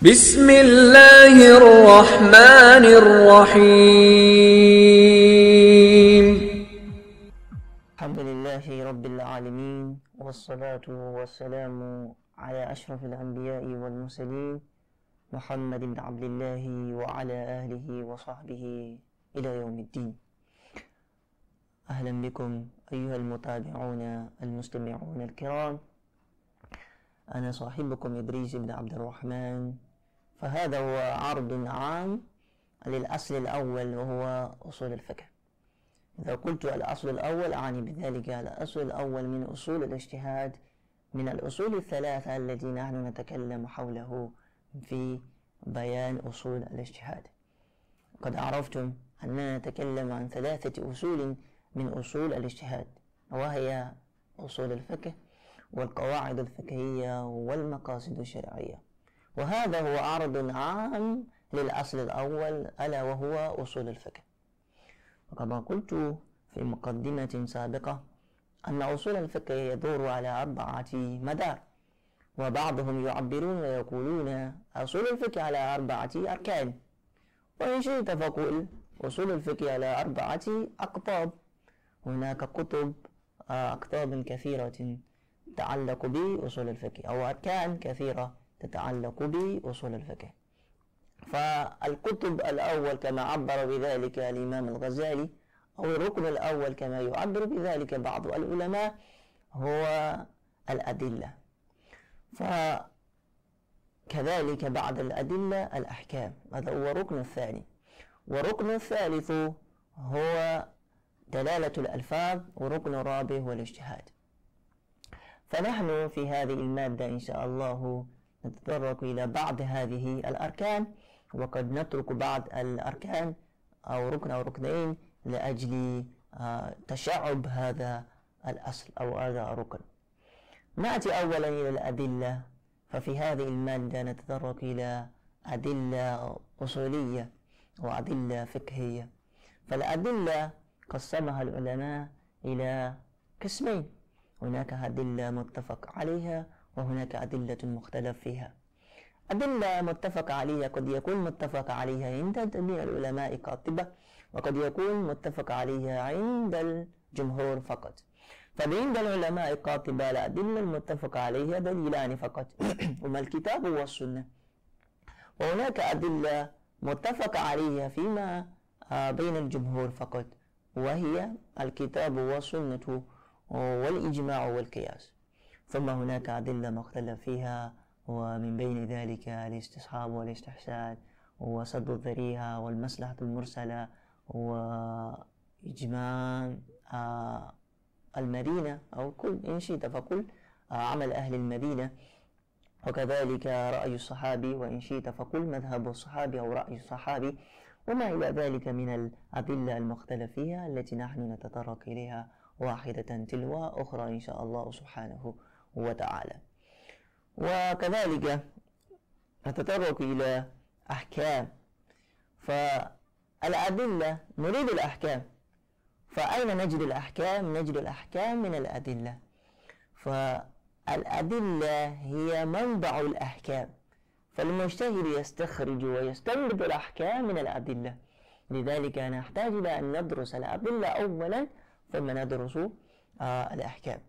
بسم الله الرحمن الرحيم الحمد لله رب العالمين والصلاة والسلام على أشرف الأنبياء والمرسلين محمد بن عبد الله وعلى آله وصحبه إلى يوم الدين أهلا بكم أيها المتابعون المستمعون الكرام أنا صاحبكم إدريس بن عبد الرحمن فهذا هو عرض عام للأصل الأول وهو أصول الفقه إذا قلت الأصل الأول أعني بذلك الأصل الأول من أصول الاجتهاد من الأصول الثلاثة التي نحن نتكلم حوله في بيان أصول الاجتهاد قد عرفتم أننا نتكلم عن ثلاثة أصول من أصول الاجتهاد وهي أصول الفقه والقواعد الفقهية والمقاصد الشرعية وهذا هو عرض عام للأصل الأول ألا وهو أصول الفقه وكما قلت في مقدمة سابقة أن أصول الفقه يدور على أربعة مدار وبعضهم يعبرون ويقولون أصول الفقه على أربعة أركان وإن شئت فقل أصول الفقه على أربعة أقطاب هناك كتب آه، أقطاب كثيرة تعلق بأصول الفقه أو أركان كثيرة تتعلق بأصول الفقه فالكتب الأول كما عبر بذلك الإمام الغزالي أو الركن الأول كما يعبر بذلك بعض العلماء هو الأدلة فكذلك بعد الأدلة الأحكام هذا هو الركن الثاني والركن الثالث هو دلالة الألفاظ وركن الرابع هو الاجتهاد فنحن في هذه المادة إن شاء الله نتطرق إلى بعض هذه الأركان وقد نترك بعض الأركان أو ركن أو ركنين لأجل آه، تشعب هذا الأصل أو هذا الركن نأتي أولا إلى الأدلة ففي هذه المادة نتطرق إلى أدلة أصولية وأدلة فقهية فالأدلة قسمها العلماء إلى قسمين هناك أدلة متفق عليها وهناك أدلة مختلف فيها أدلة متفق عليها قد يكون متفق عليها عند جميع العلماء قاطبة وقد يكون متفق عليها عند الجمهور فقط فعند العلماء قاطبة الأدلة المتفق عليها دليلان فقط هما الكتاب والسنة وهناك أدلة متفق عليها فيما آه، بين الجمهور فقط وهي الكتاب والسنة آه، والإجماع والقياس ثم هناك أدلة مختلف فيها ومن بين ذلك الاستصحاب والاستحسان وسد الذريعة والمصلحة المرسلة وإجماع آه، المدينة أو كل إن شئت فقل آه، عمل أهل المدينة وكذلك رأي الصحابي وإن شئت فقل مذهب الصحابي أو رأي الصحابي وما إلى ذلك من الأدلة المختلف فيها التي نحن نتطرق إليها واحدة تلو أخرى إن شاء الله سبحانه وتعالى وكذلك نتطرق إلى أحكام فالأدلة نريد الأحكام فأين نجد الأحكام؟ نجد الأحكام من الأدلة فالأدلة هي منبع الأحكام فالمجتهد يستخرج ويستنبط الأحكام من الأدلة لذلك نحتاج إلى أن ندرس الأدلة أولا ثم ندرس آه، الأحكام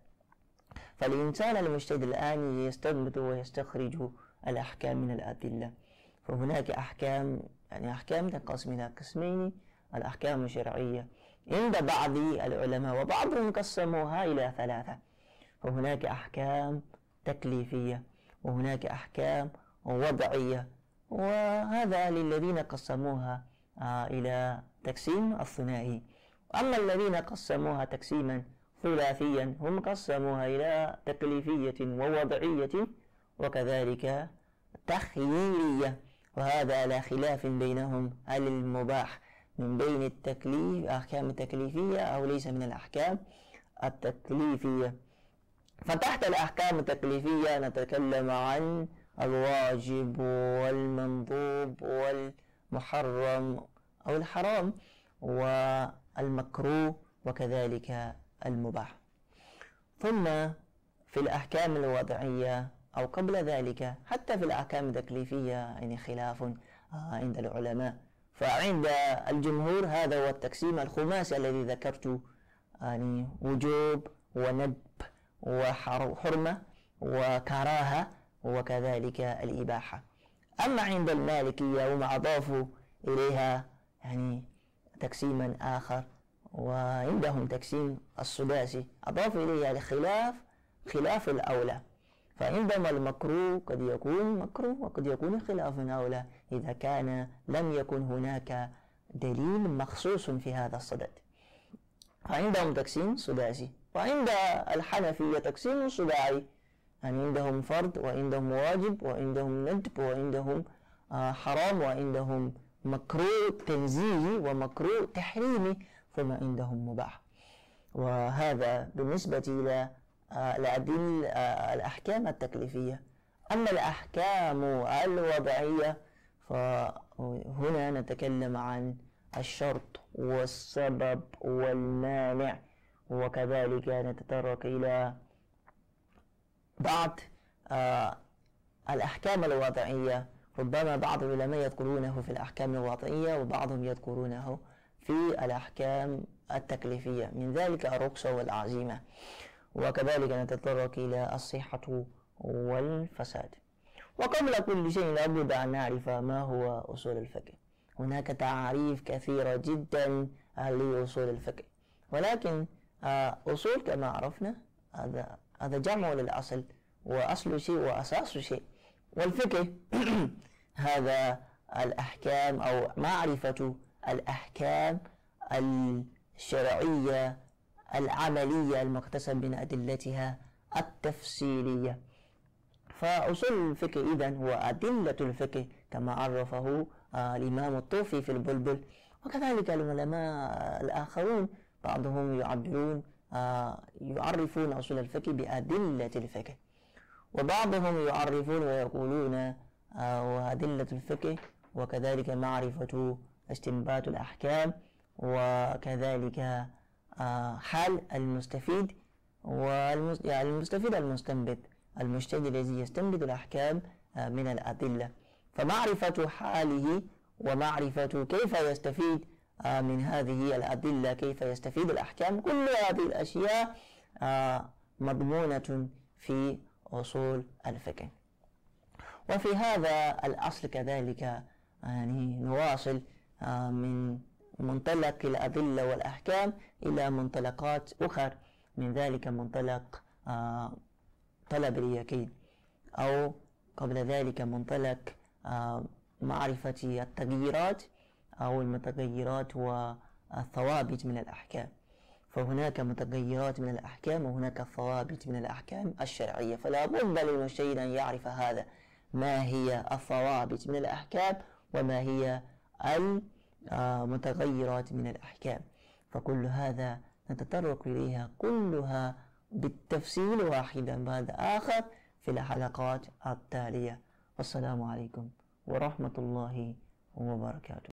فالإنسان المجتهد الآن يستنبط ويستخرج الأحكام من الأدلة فهناك أحكام يعني أحكام تنقسم إلى قسمين الأحكام الشرعية عند بعض العلماء وبعضهم قسموها إلى ثلاثة فهناك أحكام تكليفية وهناك أحكام وضعية وهذا للذين قسموها آه، إلى تقسيم الثنائي أما الذين قسموها تقسيما ثلاثيا هم قسموها إلى تكليفية ووضعية وكذلك تخييرية وهذا لا خلاف بينهم هل المباح من بين التكليف أحكام التكليفية أو ليس من الأحكام التكليفية فتحت الأحكام التكليفية نتكلم عن الواجب والمنضوب والمحرم أو الحرام والمكروه وكذلك المباح ثم في الأحكام الوضعية أو قبل ذلك حتى في الأحكام التكليفية يعني خلاف آه، عند العلماء فعند الجمهور هذا هو التقسيم الخماسي الذي ذكرت يعني وجوب وندب وحرمة وكراهة وكذلك الإباحة أما عند المالكية وما أضافوا إليها يعني تقسيما آخر وعندهم تقسيم السداسي أضاف إليه الخلاف خلاف الأولى فعندما المكروه قد يكون مكروه وقد يكون خلاف أولى إذا كان لم يكن هناك دليل مخصوص في هذا الصدد فعندهم تقسيم سداسي وعند الحنفية تقسيم سباعي يعني عندهم فرض وعندهم واجب وعندهم ندب وعندهم آه، حرام وعندهم مكروه تنزيهي ومكروه تحريمي فما عندهم مباح وهذا بالنسبة إلى الأدلة آه، آه، الأحكام التكليفية أما الأحكام الوضعية فهنا نتكلم عن الشرط والسبب والمانع وكذلك نتطرق إلى بعض آه، الأحكام الوضعية ربما بعض العلماء يذكرونه في الأحكام الوضعية وبعضهم يذكرونه في الأحكام التكليفية من ذلك الرخصة والعزيمة وكذلك نتطرق إلى الصحة والفساد وقبل كل شيء لابد أن نعرف ما هو أصول الفقه هناك تعاريف كثيرة جدا لأصول الفقه ولكن آه، أصول كما عرفنا هذا هذا جمع للأصل وأصل شيء وأساس شيء والفقه هذا الأحكام أو معرفة الأحكام الشرعية العملية المقتسم من أدلتها التفسيرية فأصول الفقه إذا هو أدلة الفقه كما عرفه آه، الإمام الطوفي في البلبل وكذلك العلماء الآخرون بعضهم يعبرون آه، يعرفون أصول الفقه بأدلة الفقه وبعضهم يعرفون ويقولون آه، وأدلة الفقه وكذلك معرفة استنباط الأحكام وكذلك آه، حال المستفيد والمستفيد يعني المستنبط المجتهد الذي يستنبط الأحكام آه، من الأدلة فمعرفة حاله ومعرفة كيف يستفيد آه، من هذه الأدلة كيف يستفيد الأحكام كل هذه الأشياء مضمونة في أصول الفقه وفي هذا الأصل كذلك يعني نواصل من منطلق الأدلة والأحكام إلى منطلقات أخرى من ذلك منطلق آه، طلب اليقين أو قبل ذلك منطلق آه، معرفة التغييرات أو المتغيرات والثوابت من الأحكام فهناك متغيرات من الأحكام وهناك ثوابت من الأحكام الشرعية فلا بد للمجتهد أن يعرف هذا ما هي الثوابت من الأحكام وما هي المتغيرات من الأحكام فكل هذا نتطرق إليها كلها بالتفصيل واحدا بعد آخر في الحلقات التالية والسلام عليكم ورحمة الله وبركاته